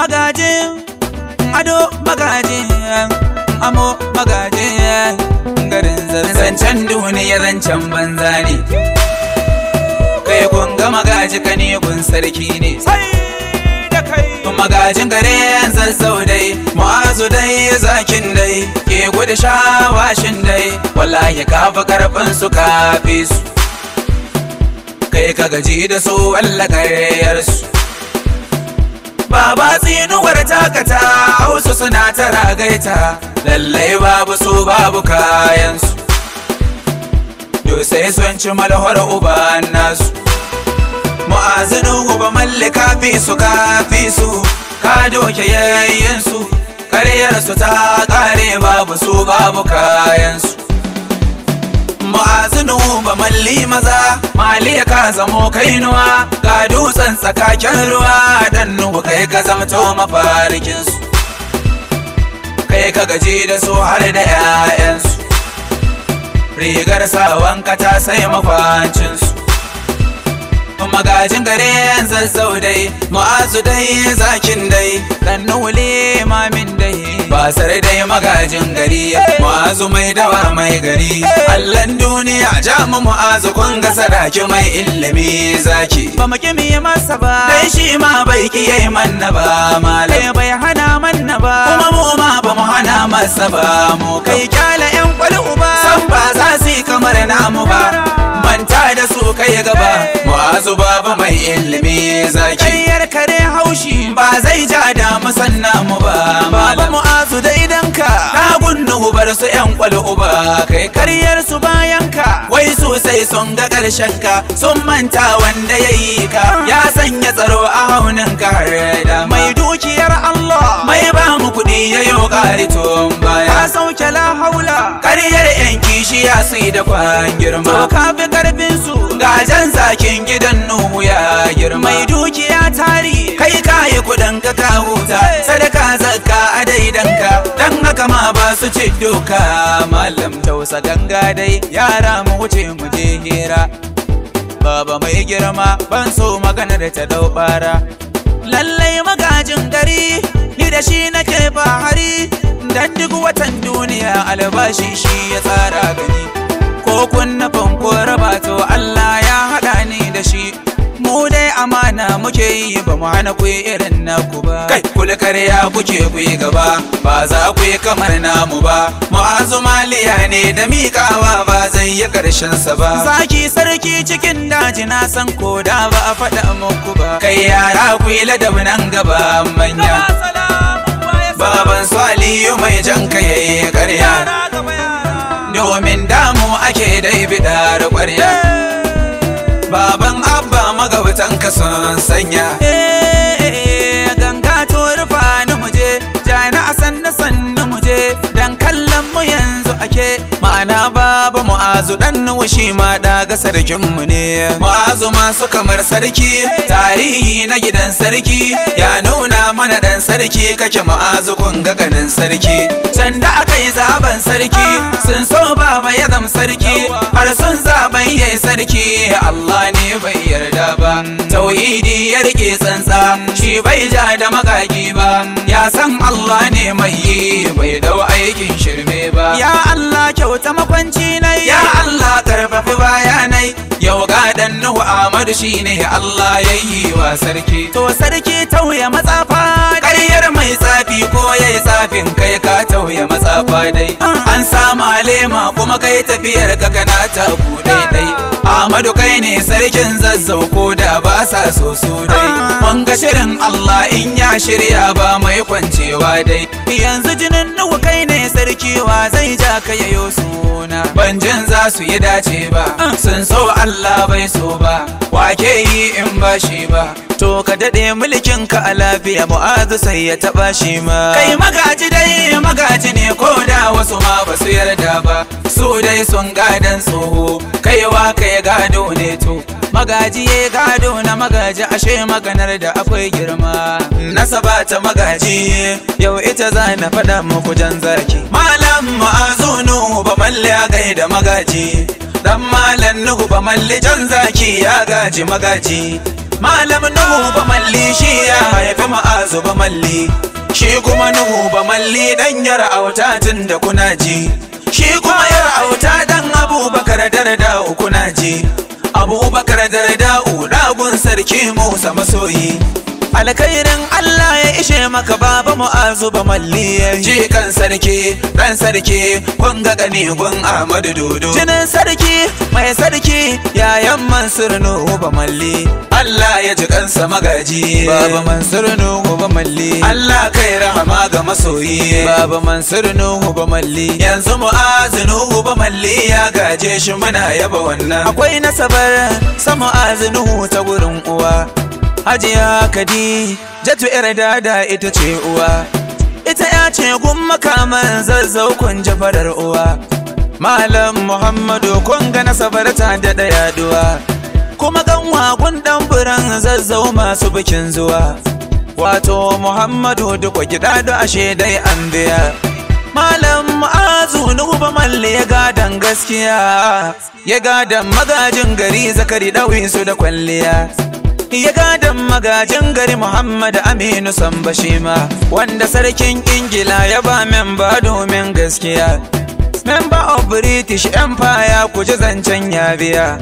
magaji ado magaji amo magaji garin zancen duniya zancen banza ne kai kun ga magaji ka ne da sarki ne magajin gare zazzau dai mu'azu dai zakin dai ke gudu shawashin dai wallahi ka fi karfin su ka fi su kai ka gaji da su Allah su baba tsinuwar takata hausa suna ta ragaita lallai babu su babu kayansu to sai sun ci malhar uban nasu mu'azinin uba mallaka fi su kafi su ka doke ta kare babu su babu kayansu Mali ya ka zamo kainuwa ga dutsen tsakaken ruwa dan nuhu kai ka zamto mafarikinsu kai ka gaji da su har da 'ya'yansu rigar wanka ta sai mafancinsu magajin gare zazzau dai mu'azu dai zakin dai dan nuhuli mamin dai basar dai magajin gari mu'azu mai dawa mai gari allan duniya ja mu mu'azu kun ga sadaki mai ilimi zaki ba mu kimi masa ba dai shi ma bai kiye manna ba malai bai hana manna ba kuma mu ma ba mu hana masa ba mu kai kyala yan kwal ba san ba za su yi kamar namu ba manta da su kai gaba mu'azu baba mai ilimi zaki ayyar kare haushi ba zai ja da musanna mu ba baba mu'azu da idan ka na gunnu bar su yan uba kai karyar su bayan ka wai sosai sun ga ƙarshen ka sun manta wanda yayi ka ya sanya tsaro a haunin ka har da mai dukiyar Allah mai ba mu kuɗi yayo ƙariton baya ya sauke la haula karyar ya sai da kwan girma to ka fi karfin su ga jan zakin gidan nuhu ya girma mai dukiya tari kai kayi kudin ka ka huta sadaka zakka a daidanka dan haka ma ba su ce doka malam tausa ganga dai yara mu wuce mu je hira baba mai girma ban so da ta dau bara lallai magajin gari ni da shi nake fahari dan duk watan duniya albashi shi ya tsara gani ko kunna fanko raba to Allah ya haɗa ni da shi mu dai amana muke yi ba mu hana ku irin naku ba kai kula karya kuke ku gaba ba za ku yi kamar namu ba Mu'azumaliya maliya ne da miƙawa ba zan yi ƙarshen sa ba zaki sarki cikin daji na san ko da ba a faɗa muku ba kai yara ku yi ladab nan gaba manya baban aliyu mai jan ka yayi ƙarya domin damu ake dai bidar ƙwarya eh. baban abba magabatan ka sun sanya eh, ganga to rufa ni muje jana a sanna sanna muje dan kallon mu yanzu ake ma'ana baba mu'azu dan shi ma daga sarkin mu ne mu'azu masu kamar sarki eh. tarihi na gidan sarki ya nuna mana dan sarki kake ma'azu kun ga ganin sarki sanda akayi zaɓen sarki sun so baba ya zam sarki har sun zaben yayi sarki Allah ne bai yarda ba tauhidi ya rike tsantsa shi bai ja da magagi ba ya san Allah ne mai yi bai dau aikin shirme ba ya Allah kyauta makwanci na ya Allah karfafi bayanai yau ga Nuhu Ahmadu shine Allah ya yi wa sarki to sarki tauya matsafa ƙaryar mai tsafi ko ya yi tsafin kai ka tauya matsafa dai ah. an sama lema kuma kai tafiyar ka kana ta bude dai Ahmadu kai ne sarkin zazzau ko da ba sa so so dai mun ga shirin Allah in ya shirya ba mai kwancewa dai yanzu jinin nawa kai ne wa zai ja ka yayo suna ban jin za su yi dace ba sun so Allah bai so ba wake yi in ba shi ba to ka daɗe mulkin ka a lafiya mu'azu sai ya taɓa shi ma kai magaji dai magaji ne ko da wasu ma ba su yarda ba su dai sun gadan tsoho kaiwa kai magaji gado ne to magaji ya gado na magaji ashe maganar da akwai girma nasaba ta magaji yau ita za na faɗa muku jan zaki malam ma'azunu ba malle ya gaida magaji dan malam nuhu ba malle jan zaki ya gaji magaji malam nuhu ba malli shi ya haifi ma'azu ba malli shi kuma nuhu ba malli dan yar auta tun da kuna ji shi kuma yar auta abubakar darda uku na ji abubakar darda ragun sarki musa masoyi alkhairin Allah ya ishe maka baba mu'azu ba malliya ji kan sarki dan sarki kun ga gani gun Ahmadu Dodo jinin sarki mai sarki yayan Mansur Nuhu ba malli Allah ya ji kansa magaji baba Mansur Nuhu ba malli Allah kai rahama ga masoyi baba Mansur Nuhu ba malli yanzu mu'azu Nuhu ba malli ya gaje shi muna yaba wannan akwai nasabar mu'azu Nuhu ta gurin uwa hajiya kadi jatu yar dada ita ce uwa ita ya ce gun makaman zazzau kun jafarar uwa malam muhammadu kun ga nasabar ta daya duwa. kuma ganwa gun dan buran zazzau masu bikin zuwa wato muhammadu duka gida da ashe dai an biya malam ma'azu na uba malle ya gadan gaskiya ya gadan magajin gari zakari ɗauyin su da kwalliya ya gadon magajin gari Muhammad Aminu Sambashima wanda sarkin Ingila ya ba memba domin gaskiya. Member of British Empire ku ji zancen ya biya.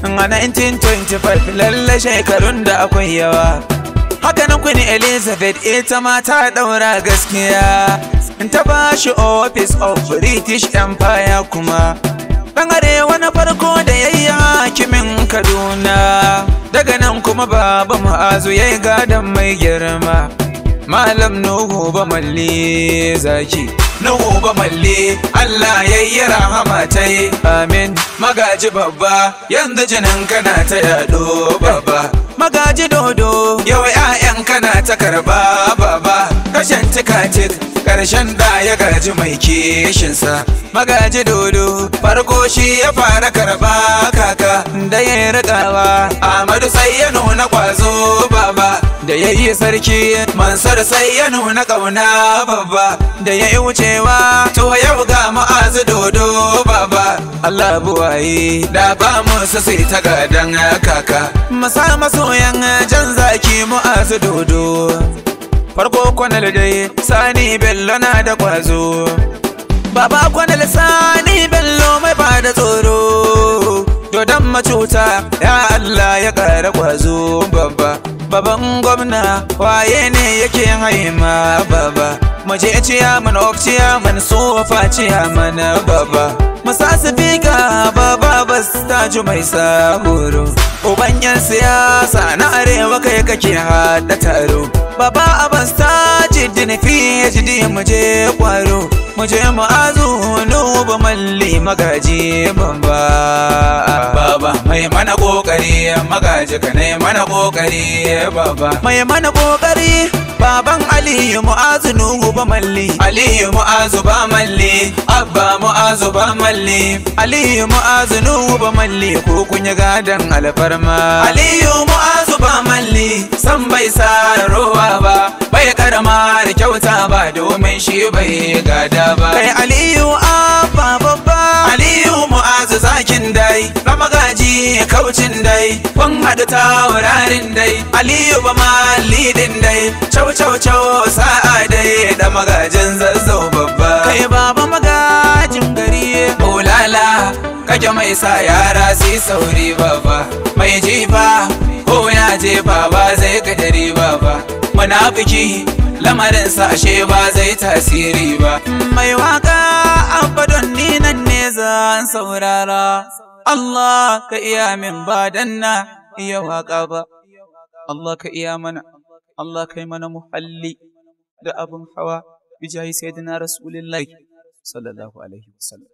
A 1925 lalle shekarun da akwai yawa. Haka na Queen Elizabeth ita ma ta daura gaskiya. Ta ba shi office of British Empire kuma. dan arewa na farko da yayi hakimin kaduna daga nan kuma baba ma'azu yayi gadon mai girma malam nuhu ba malle zaki nuhu ba malle allah yayi rahama ta amin magaji babba yanzu jinin kana ta yado baba magaji dodo Yau 'ya'yan kana ta karba baba kashin tikatik karshen da ya gaji mai kishinsa magaji dodo farko shi ya fara karba kaka da ya yi rikawa amadu sai ya nuna kwazo baba da ya yi sarki mansar sai ya nuna kauna babba da ya yi wucewa to yau ga ma'azu dodo baba Allah buwaye da ba musu sai ta gadan kaka masa masoyan jan zaki mu'azu dodo farko kwanal dai sani bello na da kwazo baba kwanal sani bello mai ba da tsoro dodon macuta ya Allah ya ƙara kwazo baban gwamna waye ne yake haima baba maje ciyaman mana sofa mana baba masa sifika baba bas ta ji mai sahuru uban siyasa na arewa kai kake hada taro baba abas ta ji dinifi ya ji muje kwaro mu je mu azu nuba malli magaji bamba baba mai mana kokari magaji ka ne mana kokari baba mai mana kokari baban ali mu'azu nuhu ba malli ali mu'azu ba malli abba mu'azu ba malli ali mu'azu nuhu ba malli ko kun gadan alfarma ali mu'azu ba malli san bai rowa kyauta ba domin shi bai gada ba kai aliyu abba babba aliyu mu'azu zakin dai magaji kaucin dai kun haɗu taurarin dai aliyu ba malidin dai chau chau chau sa'a dai da magajin zazzau babba kai baba magajin gari olala kake mai sa yara su sauri baba. mai jifa ko ya jefa ba zai kadari babba munafiki lamarinsa ashe ba zai tasiri ba mai waka abadon ni nan ne zan saurara Allah ka iya min ba dan na iya waka ba Allah ka iya mana Allah kai mana muhalli da abun hawa bijahi sayyidina rasulullahi sallallahu alaihi wasallam